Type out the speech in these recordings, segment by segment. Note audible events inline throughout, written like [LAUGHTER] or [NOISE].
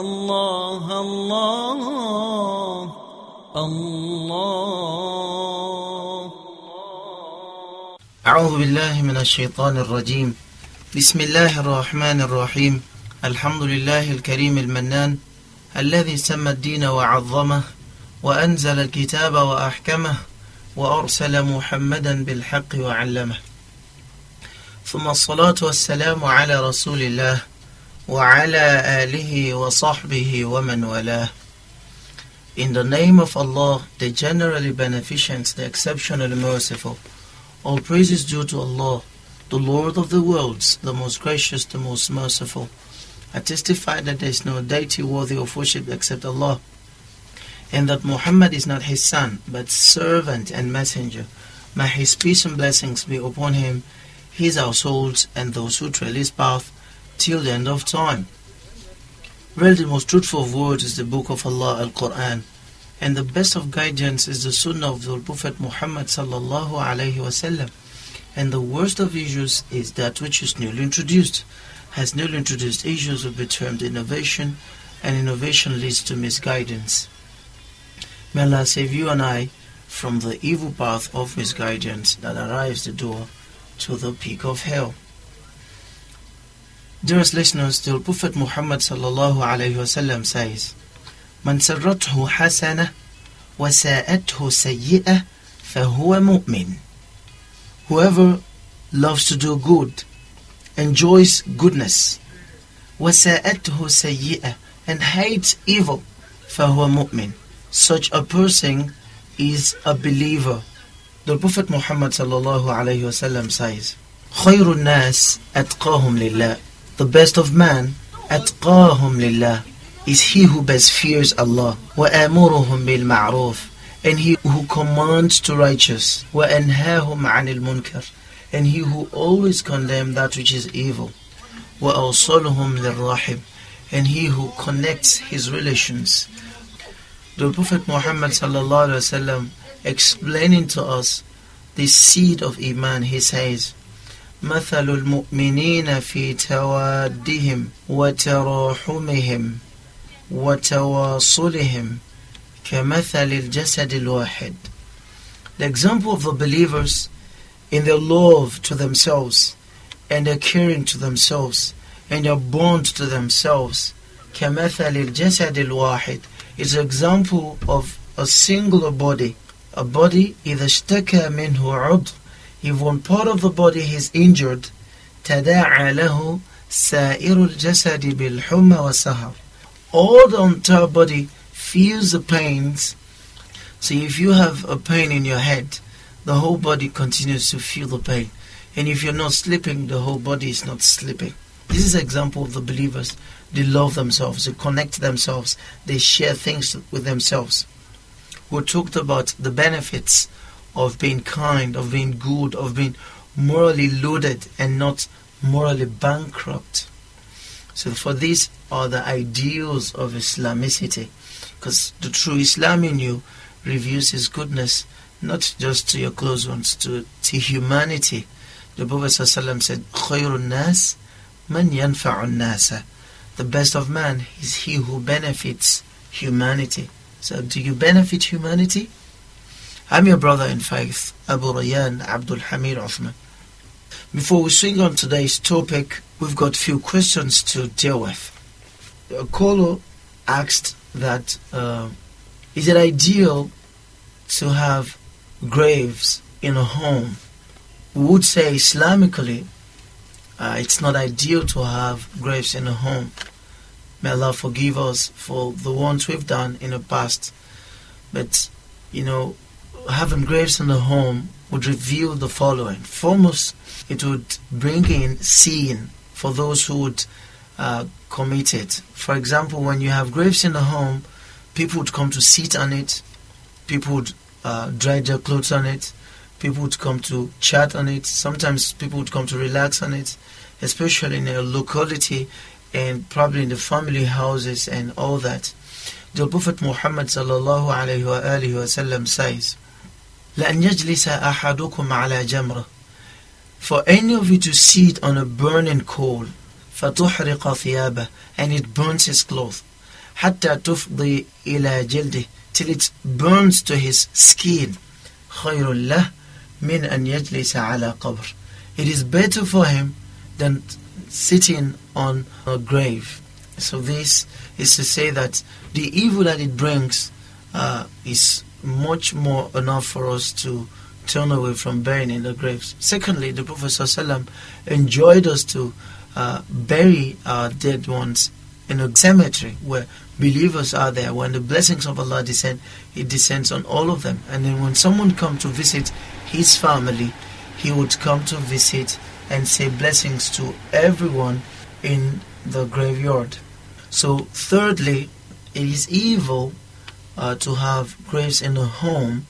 الله الله الله أعوذ بالله من الشيطان الرجيم بسم الله الرحمن الرحيم الحمد لله الكريم المنان الذي سمى الدين وعظمه وأنزل الكتاب وأحكمه وأرسل محمدا بالحق وعلمه ثم الصلاة والسلام على رسول الله وعلى آله وصحبه ومن والاه In the name of Allah, the generally beneficent, the exceptionally merciful. All praise is due to Allah, the Lord of the worlds, the most gracious, the most merciful. I testify that there is no deity worthy of worship except Allah, and that Muhammad is not his son, but servant and messenger. May his peace and blessings be upon him, his households, and those who trail his path till the end of time. Well, the most truthful of words is the Book of Allah, Al-Quran, and the best of guidance is the Sunnah of the Prophet Muhammad sallallahu alaihi wasallam. And the worst of issues is that which is newly introduced. Has newly introduced issues will be termed innovation, and innovation leads to misguidance. May Allah save you and I from the evil path of misguidance that arrives the door to the peak of hell. Dearest listeners, the Prophet Muhammad sallallahu alayhi wasallam says, "Man sarrathu hasana wa sa'athu sayyi'ah fahuwa mu'min." Whoever loves to do good, enjoys goodness, wa sa'athu and hates evil, fahuwa mu'min. Such a person is a believer. The Prophet Muhammad sallallahu alayhi wasallam says, خير الناس أتقاهم لله the best of man, أتقاهم لله, is he who best fears Allah, وآمرهم بالمعروف, and he who commands to righteous, وأنهاهم عن المنكر, and he who always condemns that which is evil, وأوصلهم للرحم, and he who connects his relations. The Prophet Muhammad sallallahu explaining to us the seed of Iman, he says, مثل المؤمنين في توادهم وتراحمهم وتواصلهم كمثل الجسد الواحد The example of the believers in their love to themselves and their caring to themselves and their bond to themselves كمثل الجسد الواحد is an example of a single body a body إذا اشتكى منه عضو if one part of the body is injured, تداعى له سائر الجسد بالحمى والسهر. All the entire body feels the pains. So if you have a pain in your head, the whole body continues to feel the pain. And if you're not sleeping, the whole body is not sleeping. This is an example of the believers. They love themselves, they connect themselves, they share things with themselves. We talked about the benefits of being kind, of being good, of being morally loaded and not morally bankrupt. So for these are the ideals of Islamicity, because the true Islam in you reveals his goodness not just to your close ones, to, to humanity. The Prophet ﷺ said, nas man nasa." The best of man is he who benefits humanity. So, do you benefit humanity? I'm your brother in faith, Abu Rayyan Abdul Hamid Uthman. Before we swing on today's topic, we've got a few questions to deal with. A caller asked that uh, is it ideal to have graves in a home? We would say Islamically, uh, it's not ideal to have graves in a home. May Allah forgive us for the ones we've done in the past. But, you know, having graves in the home would reveal the following. Foremost, it would bring in seeing for those who would uh, commit it. For example, when you have graves in the home, people would come to sit on it, people would uh, dry their clothes on it, people would come to chat on it, sometimes people would come to relax on it, especially in a locality and probably in the family houses and all that. The Prophet Muhammad sallallahu alayhi wa wa sallam says, لأن يجلس أحدكم على جمرة For any of you to sit on a burning coal فتحرق ثيابه and it burns his clothes, حتى تفضي إلى جلده till it burns to his skin خير له من أن يجلس على قبر It is better for him than sitting on a grave. So this is to say that the evil that it brings uh, is much more enough for us to turn away from burying in the graves. Secondly, the Prophet ﷺ enjoined us to uh, bury our dead ones in a cemetery where believers are there. When the blessings of Allah descend, it descends on all of them. And then when someone comes to visit his family, he would come to visit and say blessings to everyone in the graveyard. So, thirdly, it is evil uh, to have graves in a home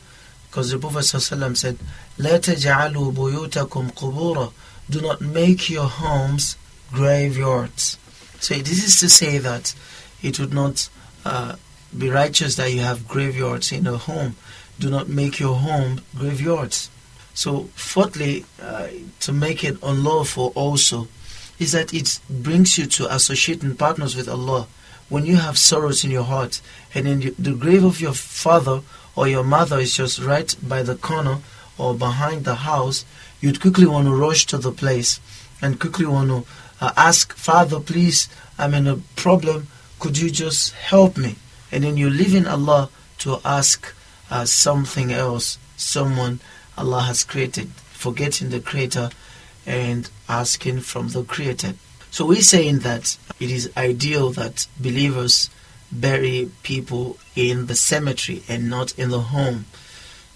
because the Prophet ﷺ said, Let taj'alu buyutakum qubura." Do not make your homes graveyards. So this is to say that it would not uh, be righteous that you have graveyards in a home. Do not make your home graveyards. So, fourthly, uh, to make it unlawful also is that it brings you to associating partners with Allah when you have sorrows in your heart, and in the grave of your father or your mother is just right by the corner or behind the house, you'd quickly want to rush to the place and quickly want to uh, ask, Father, please, I'm in a problem. Could you just help me? And then you're leaving Allah to ask uh, something else, someone Allah has created, forgetting the Creator and asking from the Creator. So we're saying that it is ideal that believers bury people in the cemetery and not in the home.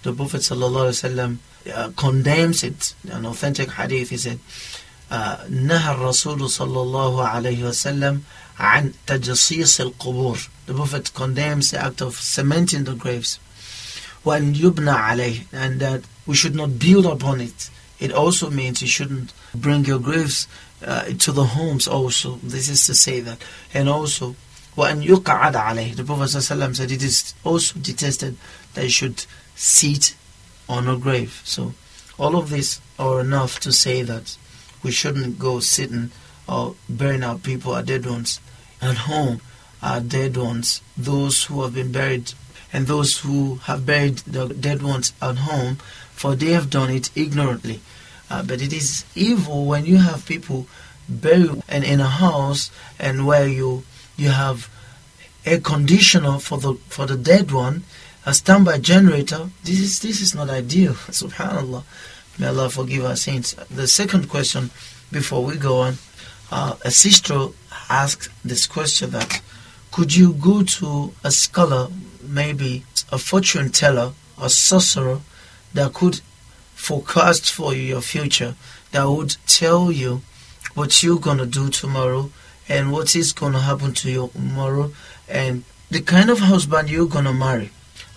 The Prophet ﷺ uh, condemns it. An authentic hadith, he said, نهى الرسول صلى عن تجصيص القبور. The Prophet condemns the act of cementing the graves. وأن يبنى عليه and that we should not build upon it. It also means you shouldn't bring your graves uh, to the homes also. This is to say that. And also, when يُقْعَدَ عَلَيْهِ The Prophet ﷺ said it is also detested that you should sit on a grave. So, all of these are enough to say that we shouldn't go sitting or uh, burying our people, our dead ones, at home, our dead ones, those who have been buried, and those who have buried the dead ones at home for they have done it ignorantly. Uh, but it is evil when you have people buried in, in a house and where you you have air conditioner for the for the dead one, a standby generator. This is this is not ideal. [LAUGHS] Subhanallah. May Allah forgive our sins. The second question, before we go on, uh, a sister asked this question that could you go to a scholar, maybe a fortune teller, a sorcerer, that could forecast for you your future, that would tell you what you're going to do tomorrow and what is going to happen to you tomorrow and the kind of husband you're going to marry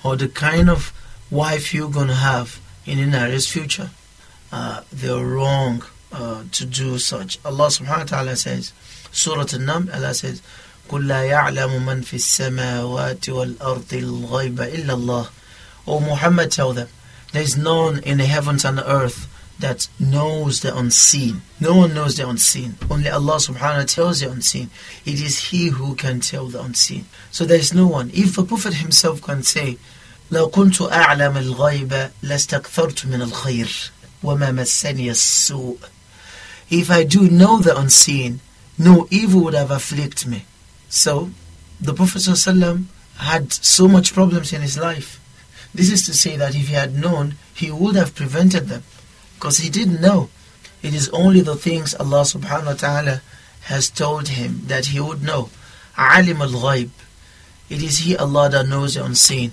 or the kind of wife you're going to have in the nearest future. Uh, they're wrong uh, to do such. Allah subhanahu wa ta'ala says, Surah an Nam. Allah says, قل لا يعلم من في السماوات والأرض الغيب إلا الله. O Muhammad, tell them, there is none in the heavens and the earth that knows the unseen. No one knows the unseen. Only Allah subhanahu wa ta'ala tells the unseen. It is He who can tell the unseen. So there is no one. If the Prophet himself can say, لو كنت أعلم الغيب لاستكثرت من الخير وما مسني السوء If I do know the unseen, no evil would have afflicted me. So, the Prophet ﷺ had so much problems in his life. This is to say that if he had known, he would have prevented them, because he didn't know. It is only the things Allah subhanahu wa ta'ala has told him that he would know. Alim al ghaib. It is He Allah that knows the unseen.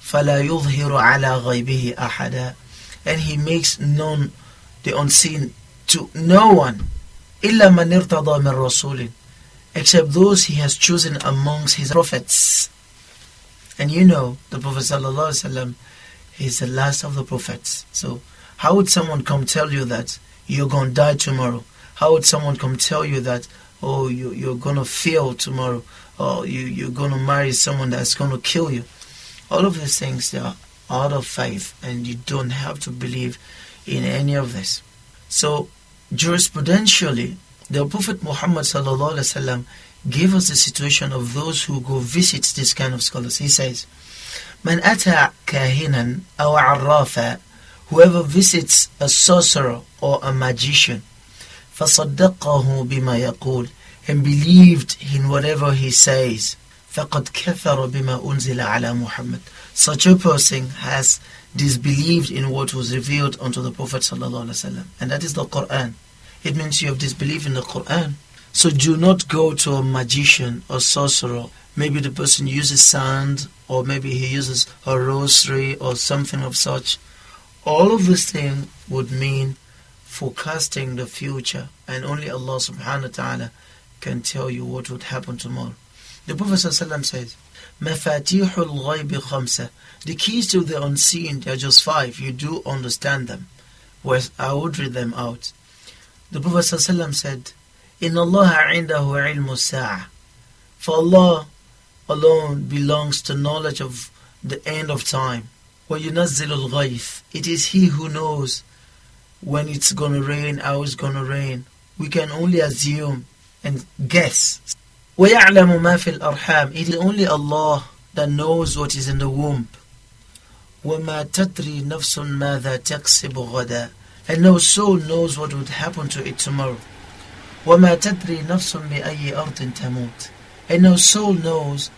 فَلَا يُظْهِرُ عَلَى غَيْبِهِ أَحَدًا And He makes known the unseen to no one. إِلَّا مَنْ ارْتَضَى مِنْ رَسُولٍ Except those He has chosen amongst His prophets. And you know, the Prophet ﷺ is the last of the prophets. So, how would someone come tell you that you're going to die tomorrow? How would someone come tell you that, oh, you, you're going to fail tomorrow? Or oh, you, you're going to marry someone that's going to kill you? All of these things, they are out of faith, and you don't have to believe in any of this. So, jurisprudentially, the Prophet Muhammad sallallahu alaihi wasallam gave us the situation of those who go visit this kind of scholars. He says, Man ata kahinan aw arrafa, whoever visits a sorcerer or a magician, فصدقه بما يقول, and believed in whatever he says, فقد كفر بما أنزل على محمد. Such a person has disbelieved in what was revealed unto the Prophet and that is the Quran. It means you have disbelieved in the Quran. So do not go to a magician or sorcerer. Maybe the person uses sand, or maybe he uses a rosary or something of such. All of these things would mean forecasting the future, and only Allah subhanahu wa ta'ala can tell you what would happen tomorrow. The Prophet ﷺ says, The keys to the unseen, they are just five. You do understand them. Whereas I would read them out. The Prophet said, in Allah عِنْدَهُ عِلْمُ السَّاعَةِ For Allah alone belongs to knowledge of the end of time. وَيُنَزِّلُ الْغَيْثِ It is He who knows when it's going to rain, how it's going to rain. We can only assume and guess. وَيَعْلَمُ مَا فِي الْأَرْحَامِ It is only Allah that knows what is in the womb. وَمَا تَدْرِي نَفْسٌ مَاذَا تَكْسِبُ غَدًا And no soul knows what would happen to it tomorrow. وَمَا تَدْرِي نَفْسٌ بِأَيِّ أَرْضٍ تَمُوتٍ And no soul knows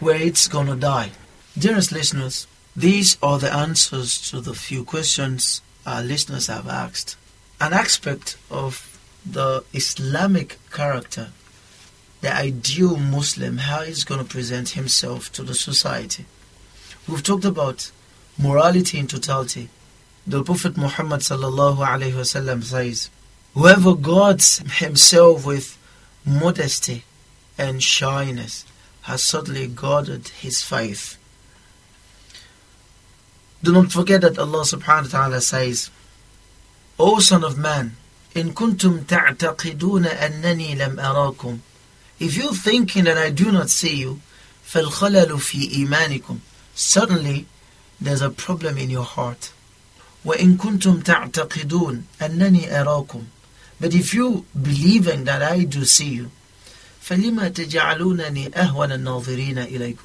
where it's gonna die. Dearest listeners, these are the answers to the few questions our listeners have asked. An aspect of the Islamic character, the ideal Muslim, how he's going to present himself to the society. We've talked about morality in totality. The Prophet Muhammad sallallahu alaihi wasallam says, Whoever guards himself with modesty and shyness has subtly guarded his faith. Do not forget that Allah subhanahu wa ta'ala says, O son of man, in kuntum ta'taqiduna annani lam arakum. If you're thinking that I do not see you, فَالْخَلَلُ فِي إِيمَانِكُمْ Suddenly, there's a problem in your heart. وَإِن كُنْتُمْ تَعْتَقِدُونَ أَنَّنِي أَرَاكُمْ but if you believe in that I do see you, فَلِمَا تَجْعَلُونَنِي أَهْوَنَ النَّاظِرِينَ إِلَيْكُمْ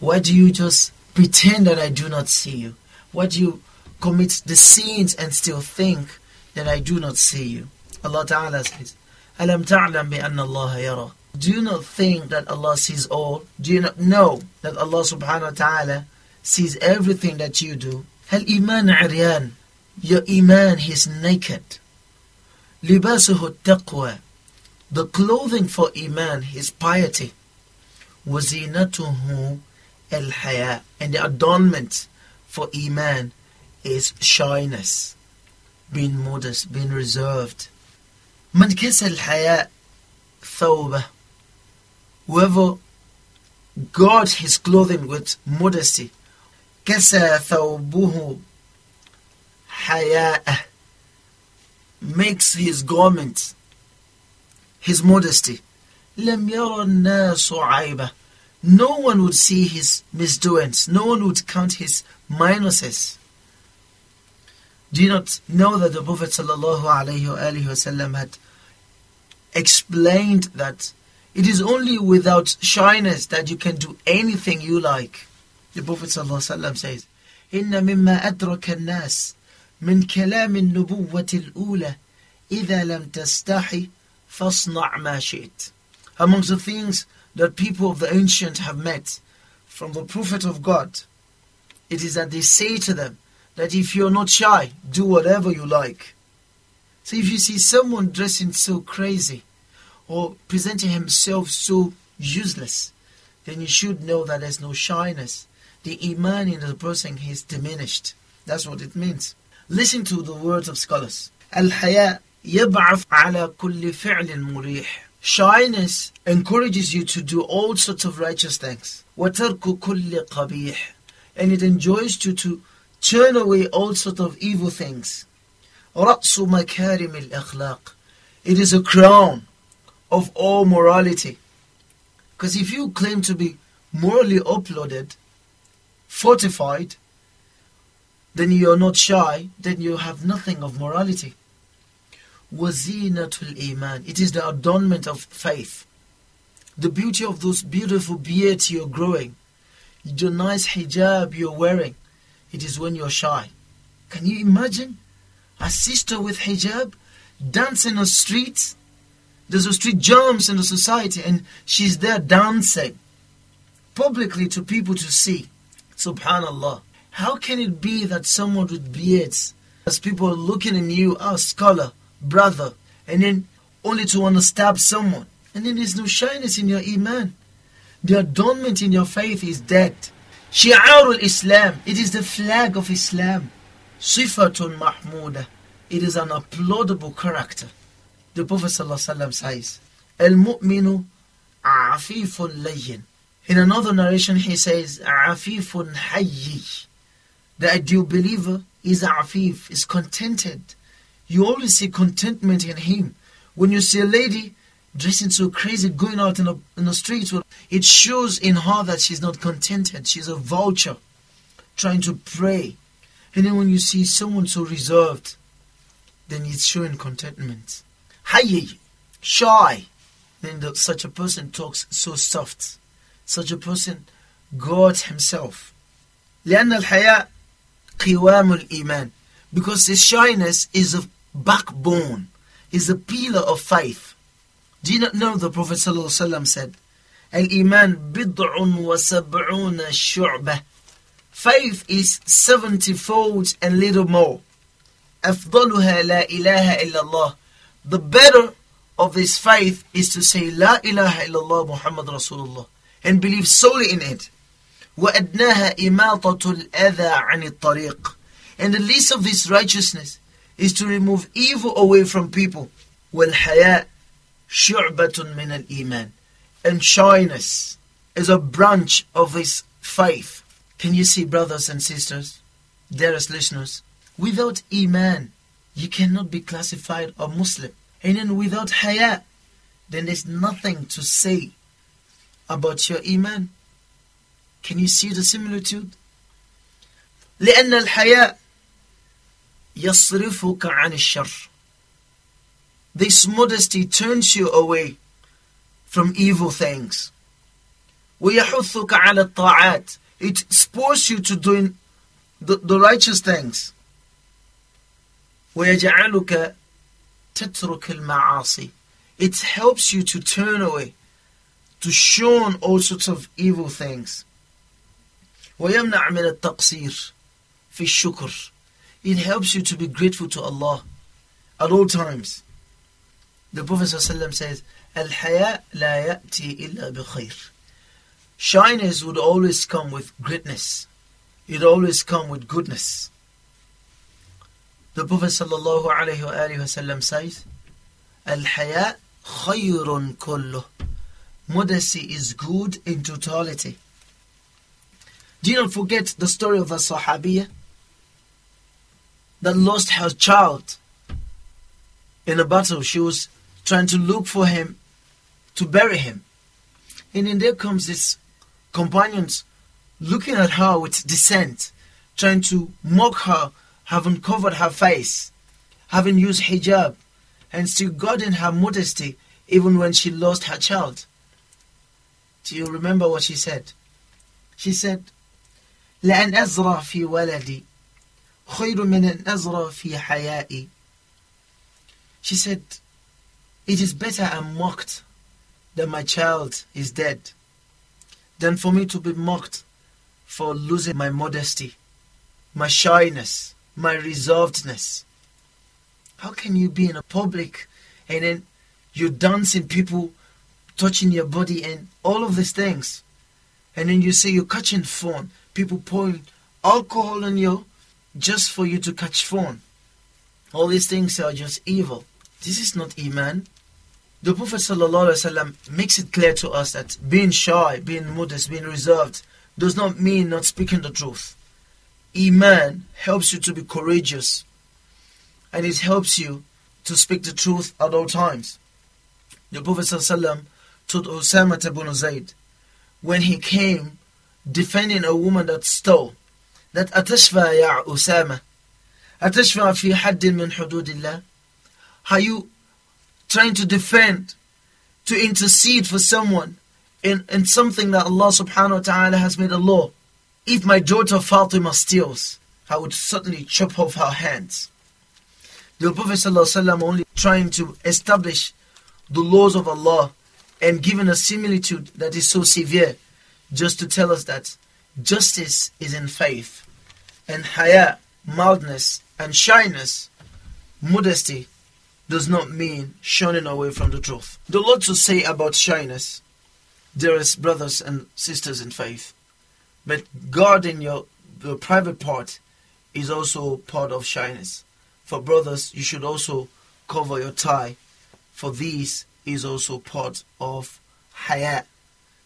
Why do you just pretend that I do not see you? Why do you commit the sins and still think that I do not see you? Allah Ta'ala says, أَلَمْ تَعْلَمْ بِأَنَّ اللَّهَ يَرَى Do you not think that Allah sees all? Do you not know that Allah Subhanahu Wa Ta'ala sees everything that you do? هَلْ إِيمَانَ عِرْيَانَ Your iman is naked. The clothing for Iman is piety. al الحياء And the adornment for Iman is shyness. Being modest, being reserved. man كسى haya thawba. Whoever guards his clothing with modesty kasa thawbuhu haya makes his garments, his modesty. لم ير الناس عيبه. No one would see his misdoings. No one would count his minuses. Do you not know that the Prophet ﷺ had explained that it is only without shyness that you can do anything you like? The Prophet ﷺ says, إِنَّ مِمَّا أَدْرَكَ النَّاسِ من كلام النبوة الأولى إذا لم تستحي فاصنع ما شئت Amongst the things that people of the ancient have met from the Prophet of God, it is that they say to them that if you're not shy, do whatever you like. So if you see someone dressing so crazy or presenting himself so useless, then you should know that there's no shyness. The iman in the person is diminished. That's what it means. Listen to the words of scholars. Al-haya yab'af ala kulli fi'lin murih. Shyness encourages you to do all sorts of righteous things. وَتَرْكُ كُلِّ قَبِيحٍ And it enjoins you to turn away all sorts of evil things. رَأْسُ مَكَارِمِ الْأَخْلَاقِ It is a crown of all morality. Because if you claim to be morally uploaded, fortified, then you are not shy, then you have nothing of morality. Wazinatul Iman. It is the adornment of faith. The beauty of those beautiful beards you're growing. The nice hijab you're wearing. It is when you're shy. Can you imagine? A sister with hijab dancing on the street. There's a street jams in the society and she's there dancing publicly to people to see. Subhanallah. How can it be that someone with beards, as people are looking at you, oh, scholar, brother, and then only to want to stab someone? And then there's no shyness in your iman. The adornment in your faith is dead. Shi'arul Islam, it is the flag of Islam. Sifatun Mahmuda, it is an applaudable character. The Prophet ﷺ says, El Mu'minu Afifun Layyin. In another narration, he says, Afifun Hayyi. The ideal believer is afif, is contented. You always see contentment in him. When you see a lady dressing so crazy, going out in the, in the streets, it shows in her that she's not contented. She's a vulture trying to prey. And then when you see someone so reserved, then it's showing contentment. Hayi, shy. Then the, such a person talks so soft. Such a person God himself. لأن الحياء qiwamul iman. Because his shyness is a backbone, is a pillar of faith. Do you not know the Prophet ﷺ said, Al-Iman bid'un wa sab'una shu'bah. Faith is 70 folds and little more. أفضلها la ilaha illallah. The better of this faith is to say La ilaha illallah Muhammad Rasulullah and believe solely in it. وَأَدْنَاهَا إِمَاطَةُ الْأَذَى عَنِ الطَّرِيقِ And the least of this righteousness is to remove evil away from people. وَالْحَيَاءُ شُعْبَةٌ مِنَ الْإِيمَانِ And shyness is a branch of this faith. Can you see, brothers and sisters, dearest listeners, without Iman, you cannot be classified a Muslim. And then without Haya, then there's nothing to say about your Iman. Can you see the similitude? لأن الحياء يصرفك عن الشر. This modesty turns you away from evil things. ويحثك على الطاعات. It spurs you to doing the, the righteous things. ويجعلك تترك المعاصي. It helps you to turn away, to shun all sorts of evil things. ويمنع من التقصير في الشكر it helps you to be grateful to Allah at all times the Prophet ﷺ says الحياء لا يأتي إلا بخير shyness would always come with greatness it always come with goodness the Prophet صلى الله عليه وآله وسلم says, الحياء خير كله. Modesty is good in totality. Do you not forget the story of a Sahabiya that lost her child in a battle? She was trying to look for him to bury him. And then there comes his companions looking at her with dissent, trying to mock her, having covered her face, having used hijab, and still guarding her modesty even when she lost her child. Do you remember what she said? She said, لأن أزرع في ولدي خير من أن أزرع في حيائي She said, it is better I'm mocked that my child is dead than for me to be mocked for losing my modesty, my shyness, my reservedness. How can you be in a public and then you're dancing, people touching your body and all of these things, and then you say you're catching phone, people pouring alcohol on you just for you to catch phone. All these things are just evil. This is not Iman. The Prophet ﷺ makes it clear to us that being shy, being modest, being reserved does not mean not speaking the truth. Iman helps you to be courageous and it helps you to speak the truth at all times. The Prophet ﷺ told Osama ibn al-Zaid when he came defending a woman that stole that atashfa ya Usama atashfa fi haddin min hududillah are you trying to defend to intercede for someone in, in something that Allah subhanahu wa ta'ala has made a law if my daughter Fatima steals I would certainly chop off her hands the Prophet ﷺ only trying to establish the laws of Allah and giving a similitude that is so severe just to tell us that justice is in faith, and haya, mildness, and shyness, modesty, does not mean shunning away from the truth. The lot to say about shyness, dearest brothers and sisters in faith, but guarding your, your private part is also part of shyness. For brothers, you should also cover your tie, for this is also part of haya,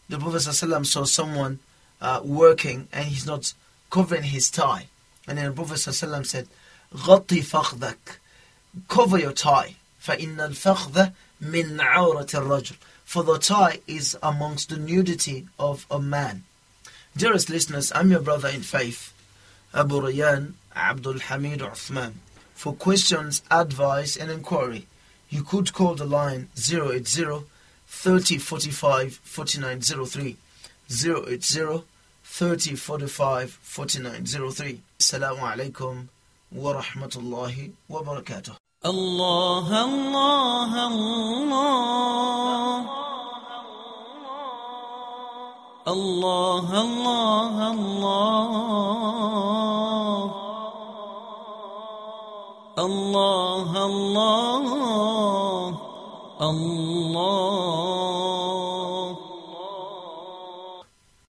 the Prophet ﷺ saw someone uh, working and he's not covering his tie. And then the Prophet ﷺ said, غطي فخذك cover your tie فإن الفخذ من عورة الرجل for the tie is amongst the nudity of a man Dearest listeners, I'm your brother in faith Abu Rayyan Abdul Hamid Uthman For questions, advice and inquiry you could call the line 080 30 45 49 03 080 30 45 49 03 السلام عليكم ورحمة الله وبركاته الله الله الله الله الله الله الله الله الله